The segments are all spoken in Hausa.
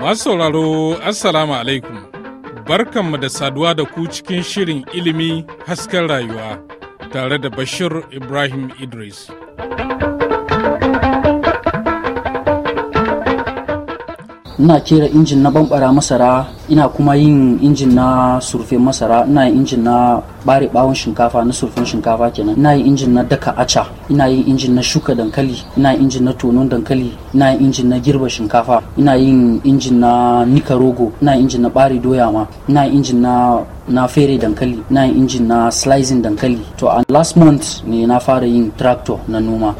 Masu sauraro, Assalamu alaikum, barkanmu da saduwa da ku cikin shirin ilimi hasken rayuwa tare da Bashir Ibrahim Idris. ina kera injin na bambara masara ina kuma yin injin na surfe masara ina yin injin na bare bawon shinkafa na surfen shinkafa kenan ina yin injin na daka aca ina yin injin na shuka dankali ina yin injin na tonon dankali ina yin injin na girba shinkafa ina yin injin na nika rogo ina yin injin na bare doya ma ina yin injin na na fere dankali na injin na slicing dankali to a last month ne na fara yin tractor na noma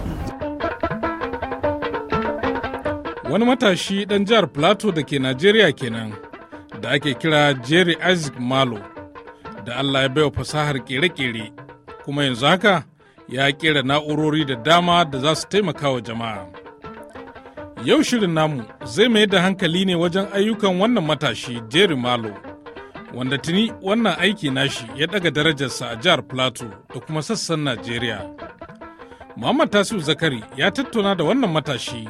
wani matashi ɗan jihar plateau da ke najeriya kenan da ake kira jerry isaac malo da allah ya baiwa fasahar kere-kere kuma yanzu haka ya kera na'urori da dama da za su taimaka wa jama'a yau shirin namu zai mai da hankali ne wajen ayyukan wannan matashi jerry malo wanda tuni wannan aiki nashi ya daga darajarsa a jihar plateau da kuma sassan najeriya muhammad Tasir zakari ya tattauna da wannan matashi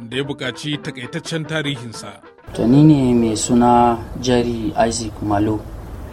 da ya buƙaci takaitaccen tarihinsa. To ni ne mai suna Jerry Isaac Malo.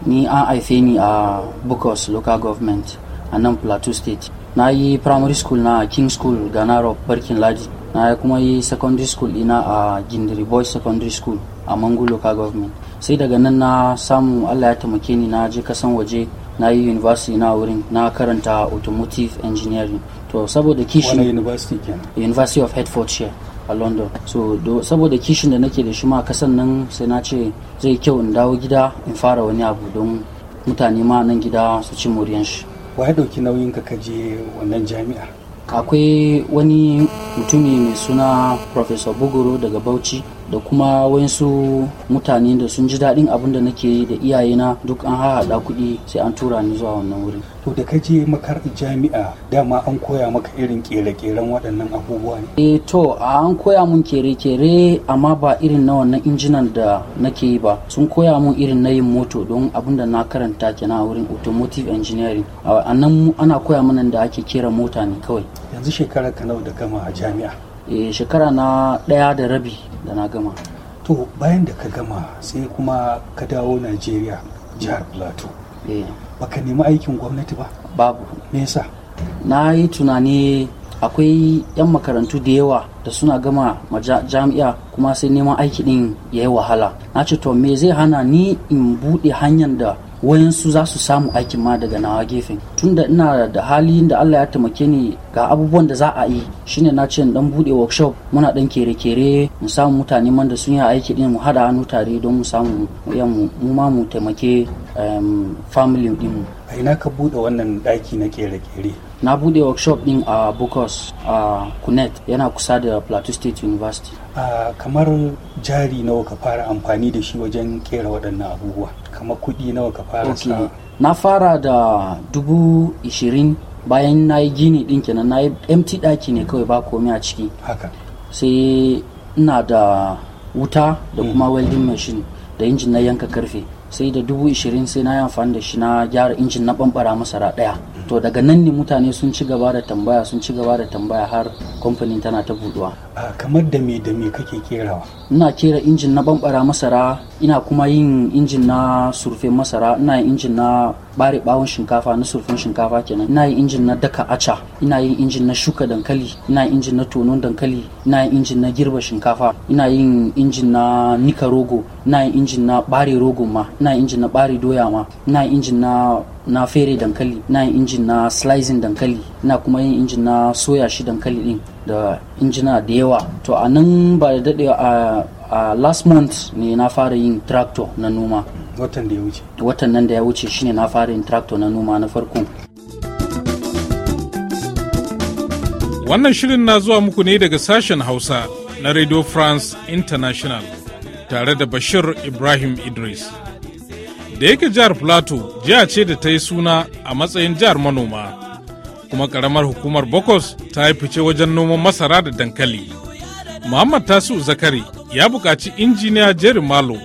Ni an haife ni a Bukos Local Government a nan Plateau State. Na yi primary school na King School Ganaro Barkin Ladi. Na kuma yi secondary school ina a Gindiri Boys Secondary School a Mangu Local Government. Sai daga nan na samu Allah ya taimake ni na je kasan waje na yi university na wurin na karanta automotive engineering. To saboda kishi. Wani university of Hertfordshire. a london so saboda kishin da nake da shi ma kasan nan sai na ce zai kyau in dawo gida in fara wani abu don mutane ma nan gida su ci moriyan shi wa ya ɗauki nauyin ka kaje wannan jami'ar akwai wani mutumi mai suna professor buguro daga bauchi da kuma wayansu mutane da sun ji daɗin abin da nake yi da iyayena duk an haɗa kuɗi sai an tura ni zuwa wannan wurin to da ka je makarantar jami'a dama an koya maka irin kere-keren waɗannan abubuwa ne eh to an koya mun kere-kere amma ba irin na wannan injinan da nake yi ba sun koya mun irin na yin moto don abin da na karanta kenan a wurin automotive engineering a nan ana koya mana da ake kera mota ne kawai yanzu shekarar ka nawa da gama a jami'a Eh, shekara na ɗaya da rabi da na gama to bayan da ka gama sai kuma ka dawo najeriya jihar plateau eh. baka nemi aikin gwamnati ba babu me yasa na yi tunani akwai 'yan makarantu da yawa da suna gama jami'a kuma sai neman aiki din ya yi wahala na ce to me zai hana ni in buɗe hanyar da wayansu za su samu aikin ma daga nawa gefen tunda ina da hali da Allah ya taimake ni ga abubuwan da za a yi shine na ce dan bude workshop muna dan kere-kere mu samu mutane man da sun yi aiki din mu hada hannu tare don mu samu mu ma mu taimake family din mu a ina ka bude wannan daki na kere-kere na bude workshop din a uh, bukos a uh, kunet yana kusa da plateau state university kamar jari nawa ka fara amfani da shi wajen kera waɗannan abubuwa kamar kuɗi nawa ka fara okay. na fara da dubu ishirin bayan na yi gini ɗin kenan na yi mt ɗaki ne kawai ba komi a ciki haka sai ina da wuta da mm. kuma welding machine da injin na yanka karfe sai da dubu ishirin sai na yi amfani da shi na gyara injin na bambara masara daya to daga nan ne mutane sun ci gaba da tambaya sun ci gaba da tambaya har kamfanin tana ta buduwa ah, kamar da me da me kake kerawa ina kera injin na bambara masara ina kuma yin injin na surfe masara ina yin injin na bare bawon shinkafa na surfin shinkafa kenan ina yin injin na daka aca ina yin injin na shuka dankali ina yin injin na tonon dankali ina yin injin na girba shinkafa ina yin injin na nika rogo ina yin injin na bare rogo ma ina injin na ɓari doya ma ina injin na na fere dankali ina injin na slicing dankali na kuma yin injin na soya shi dankali din da injina da yawa to a nan ba da daɗewa a last month ne na fara yin tractor na noma watan da ya wuce watan nan da ya wuce shine na fara yin tractor na noma na farko wannan shirin na zuwa muku ne daga sashen hausa na radio france international tare da bashir ibrahim idris da yake jihar plateau jiya ce da ta yi suna a matsayin jihar manoma kuma karamar hukumar bokos ta yi fice wajen noman masara da dankali muhammad tasu zakari ya buƙaci injiniya jerry malo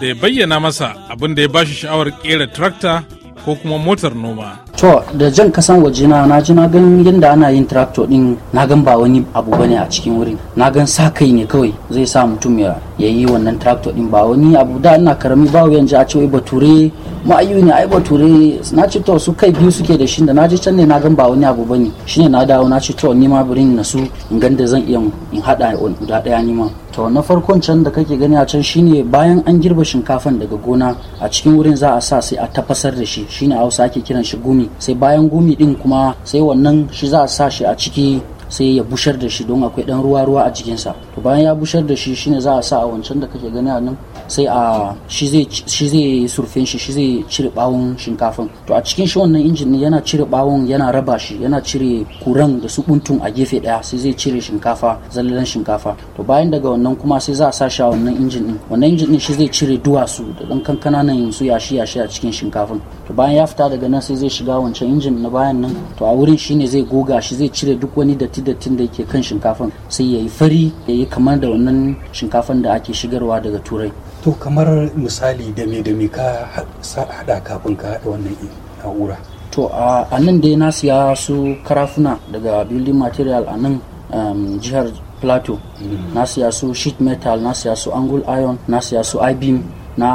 da ya bayyana masa abin da ya ba shi sha'awar kera trakta ko kuma motar noma to da jan kasan waje na na ji na gan yadda ana yin tractor din na gan ba wani abu bane a cikin wurin na gan sa kai ne kawai zai sa mutum ya yi wannan tractor din ba wani abu da ina karami ba yanzu a ce wai bature ma'ayu ne ai bature na ce to su kai biyu suke da shi da na ji can ne na gan ba wani abu bane shine na dawo na ce to ni ma burin na su in gan da zan iya in hada guda daya ni ma to na farkon can da kake gani a can shine bayan an girbe shinkafan daga gona a cikin wurin za a sa sai a tafasar da shi shine a hausa ake kiran shi gumi sai bayan gumi din kuma sai wannan shi za a sa shi a ciki sai ya bushar da shi don akwai dan ruwa ruwa a jikinsa to bayan ya bushar da shi shine za a sa a wancan da kake gani a nan sai a shi zai shi zai shi shi zai cire bawon shinkafan to a cikin shi wannan injin yana cire bawon yana raba shi yana cire kuran da su buntun a gefe daya sai zai cire shinkafa zallan shinkafa to bayan daga wannan kuma sai za a sa shi a wannan injin din wannan injin din shi zai cire duwatsu da dan nan su yashi yashi a cikin shinkafan to bayan ya fita daga nan sai zai shiga wancan injin na bayan nan to a wurin shine zai goga shi zai cire duk wani datti dattin da yake kan shinkafan sai yayi fari yayi kamar da wannan shinkafan da ake shigarwa daga turai to kamar misali da me da me ka hada kafin ka hada wannan na'ura to a nan dai na siya su karafuna daga building material a nan um, jihar plateau mm. na siya su sheet metal na siya su angle iron na siya su i-beam na,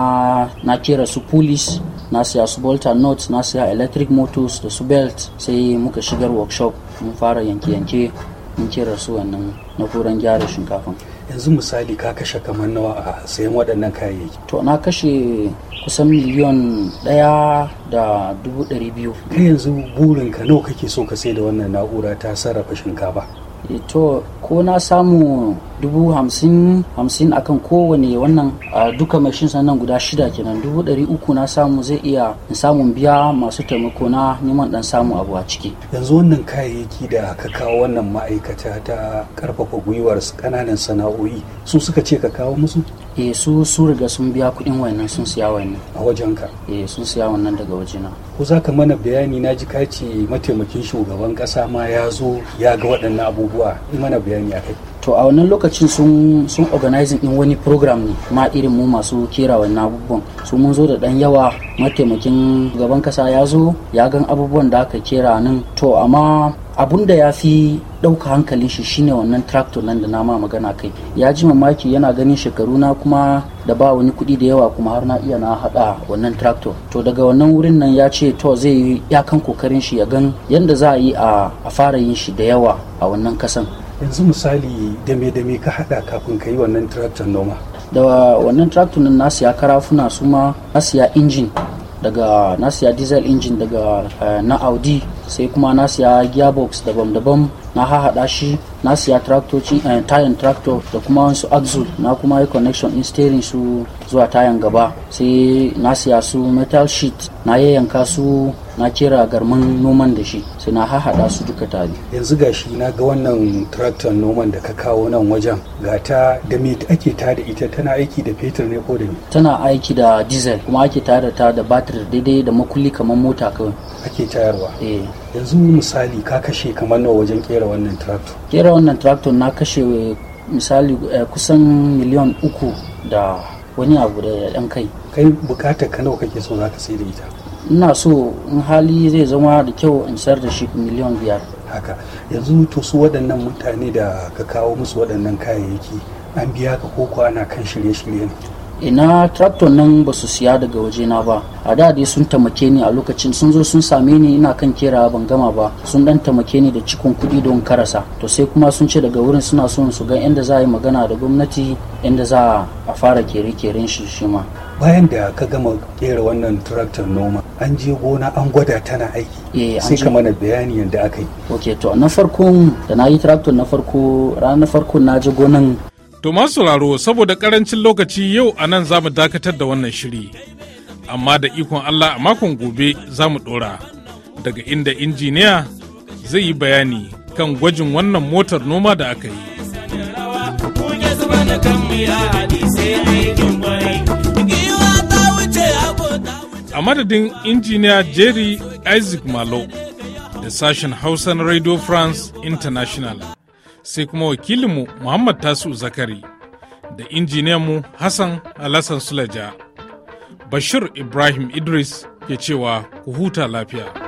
na kera su pulis na siya su bolter nuts na siya electric motors da su belt sai muka shigar workshop mun fara yanke-yanke mun kera su wannan na gyara shinkafin yanzu misali ka kashe kamar nawa a sayan waɗannan kayayyaki to na kashe kusan miliyon ɗaya da dubu ɗari biyu kai yanzu burinka nawa kake so ka sai da wannan na'ura ta sarrafa shinkafa Eh, to ko na samu dubu hamsin hamsin akan kowane wannan a duka mashin sannan guda shida kenan dubu ɗari uku na samu zai iya samun biya masu taimako na neman dan samu abu a ciki yanzu wannan kayayyaki da ka kawo wannan ma'aikata ta karfafa gwiwar kananan sana'o'i su suka ce ka kawo musu eh su su riga sun biya kuɗin wannan sun siya wannan a wajen ka eh sun siya wannan daga wajena ko za ka mana bayani na ji kace mataimakin shugaban ƙasa ma ya zo ya ga waɗannan abubuwa yi mana bayani a kai to a wannan lokacin sun sun organizing din wani program ne ma irin mu masu kera wannan abubuwan su mun zo da dan yawa mataimakin shugaban kasa ya zo ya gan abubuwan da aka kera nan to amma abun da ya fi ɗauka hankalin shi shine wannan tractor nan da nama magana kai ya ji mamaki yana ganin shekaru na kuma da ba wani kuɗi da yawa kuma har na iya na haɗa wannan tractor to daga wannan wurin nan ya ce to zai yi iyakan kokarin shi ya gan yanda za a yi a fara yin shi da yawa a wannan kasan yanzu misali dame-dame ka haɗa kafin ka yi wannan tractor noma da wannan tractor nan na siya karafuna su ma na siya injin daga na siya diesel engine daga eh, na audi sai kuma na siya gearbox daban-daban na hahada shi na siya tayan eh, tractor da kuma wasu axle na kuma yi connection in steering su zuwa tayan gaba sai na siya su metal sheet na yayyanka su na kera garman noman da shi suna hahada su duka tare yanzu gashi na ga wannan traktor noman da ka kawo nan wajen ga ta da me ake tada ita tana aiki da fetur ne ko da me tana aiki da diesel kuma ake tada ta da batir daidai da makulli kamar mota kawai ake tayarwa eh yanzu misali ka kashe kamar nawa wajen kera wannan traktor kera wannan traktor na kashe eh, misali eh, kusan miliyan uku da wani abu da ɗan kai kai bukatar ka nawa kake so zaka ka sai da ita ina so in hali zai zama da kyau in sayar da shi miliyan biyar haka yanzu to su waɗannan mutane da ka kawo musu waɗannan kayayyaki an biya ka ko ko ana kan shirye-shirye ina traktor nan ba su siya daga waje na ba a da dai sun tamake ni a lokacin sun zo sun same ni ina kan kera ban gama ba sun dan tamake ni da cikin kudi don karasa to sai kuma sun ce daga wurin suna son su ga inda za a yi magana da gwamnati inda za a fara kere-keren shi shi ma bayan da ka gama kera wannan tractor noma an je gona an gwada tana aiki eh, sai ka mana bayani yadda aka yi ok to na farkon da na yi tractor na farko ranar farko na je gonan to masu sauraro saboda karancin lokaci yau a nan za mu dakatar da wannan shiri amma da ikon allah a makon gobe za mu dora daga inda injiniya zai yi bayani kan gwajin wannan motar noma da aka yi. a madadin injiniya jerry isaac malo da sashen hausa na radio france international sai kuma wakilinmu muhammad tasu zakari da injiniyanmu hassan alassan sulaja bashir ibrahim idris ke cewa ku huta lafiya